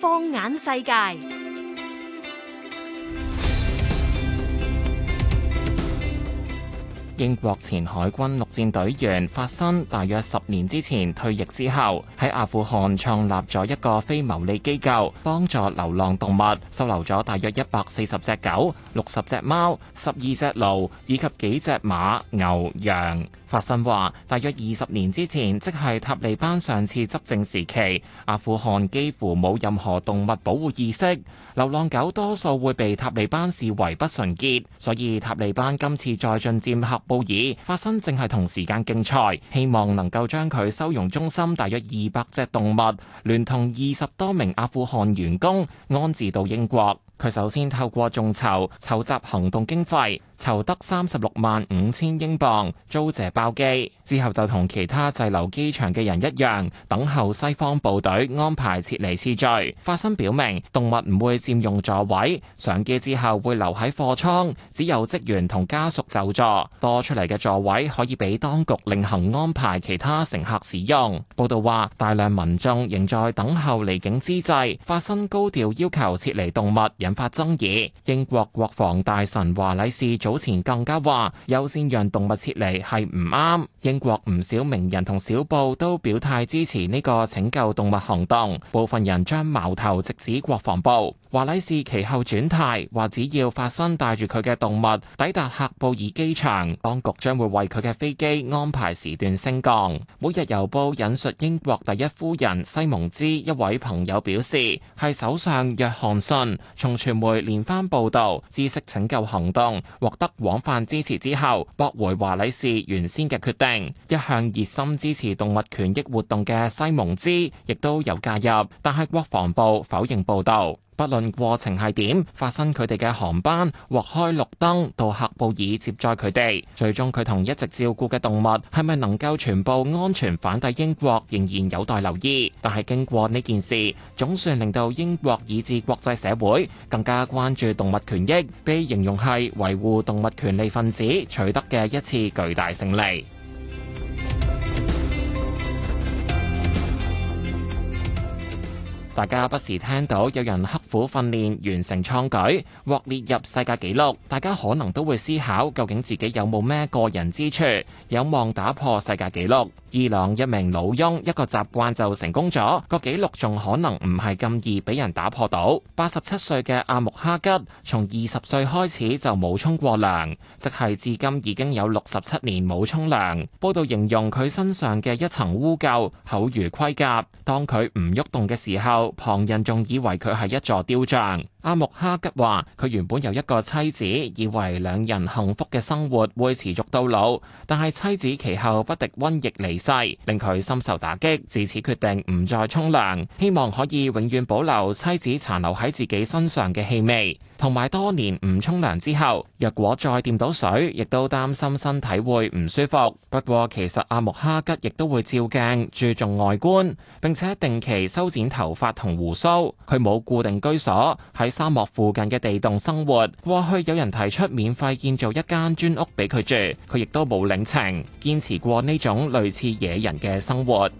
放眼世界。英國前海軍陸戰隊員法新大約十年之前退役之後，喺阿富汗創立咗一個非牟利機構，幫助流浪動物，收留咗大約一百四十隻狗、六十隻貓、十二隻鹿以及幾隻馬、牛、羊。法新話，大約二十年之前，即係塔利班上次執政時期，阿富汗幾乎冇任何動物保護意識，流浪狗多數會被塔利班視為不純潔，所以塔利班今次再進佔客布爾發生，正係同時間競賽，希望能夠將佢收容中心大約二百隻動物，聯同二十多名阿富汗員工安置到英國。佢首先透過眾籌，籌集行動經費。籌得三十六萬五千英鎊租借包機，之後就同其他滯留機場嘅人一樣，等候西方部隊安排撤離次序。發聲表明動物唔會佔用座位，上機之後會留喺貨艙，只有職員同家屬就座。多出嚟嘅座位可以俾當局另行安排其他乘客使用。報道話，大量民眾仍在等候離境之際，發生高調要求撤離動物，引發爭議。英國國防大臣華禮士早早前更加話優先讓動物撤離係唔啱。英國唔少名人同小報都表態支持呢個拯救動物行動，部分人將矛頭直指國防部。華禮士其後轉態，話只要發生帶住佢嘅動物抵達喀布爾機場，當局將會為佢嘅飛機安排時段升降。每日郵報引述英國第一夫人西蒙茲一位朋友表示，係首相約翰遜從傳媒連番報導知識拯救行動獲得廣泛支持之後，駁回華禮士原先嘅決定。一向熱心支持動物權益活動嘅西蒙茲亦都有介入，但係國防部否認報道。不論過程係點，發生佢哋嘅航班獲開綠燈到喀布爾接載佢哋，最終佢同一直照顧嘅動物係咪能夠全部安全返抵英國，仍然有待留意。但係經過呢件事，總算令到英國以至國際社會更加關注動物權益，被形容係維護動物權利分子取得嘅一次巨大勝利。大家不時聽到有人刻苦訓練完成創舉，獲列入世界紀錄，大家可能都會思考，究竟自己有冇咩個人之處，有望打破世界紀錄。伊朗一名老翁一個習慣就成功咗，個紀錄仲可能唔係咁易俾人打破到。八十七歲嘅阿木哈吉從二十歲開始就冇沖過涼，即係至今已經有六十七年冇沖涼。報道形容佢身上嘅一層污垢，厚如盔甲。當佢唔喐動嘅時候，旁人仲以為佢係一座雕像。阿木哈吉話：佢原本有一個妻子，以為兩人幸福嘅生活會持續到老，但係妻子其後不敵瘟疫離世，令佢深受打擊，自此決定唔再沖涼，希望可以永遠保留妻子殘留喺自己身上嘅氣味。同埋多年唔沖涼之後，若果再掂到水，亦都擔心身體會唔舒服。不過其實阿木哈吉亦都會照鏡，注重外觀，並且定期修剪頭髮同鬍鬚。佢冇固定居所，喺沙漠附近嘅地洞生活，過去有人提出免費建造一間磚屋俾佢住，佢亦都冇領情，堅持過呢種類似野人嘅生活。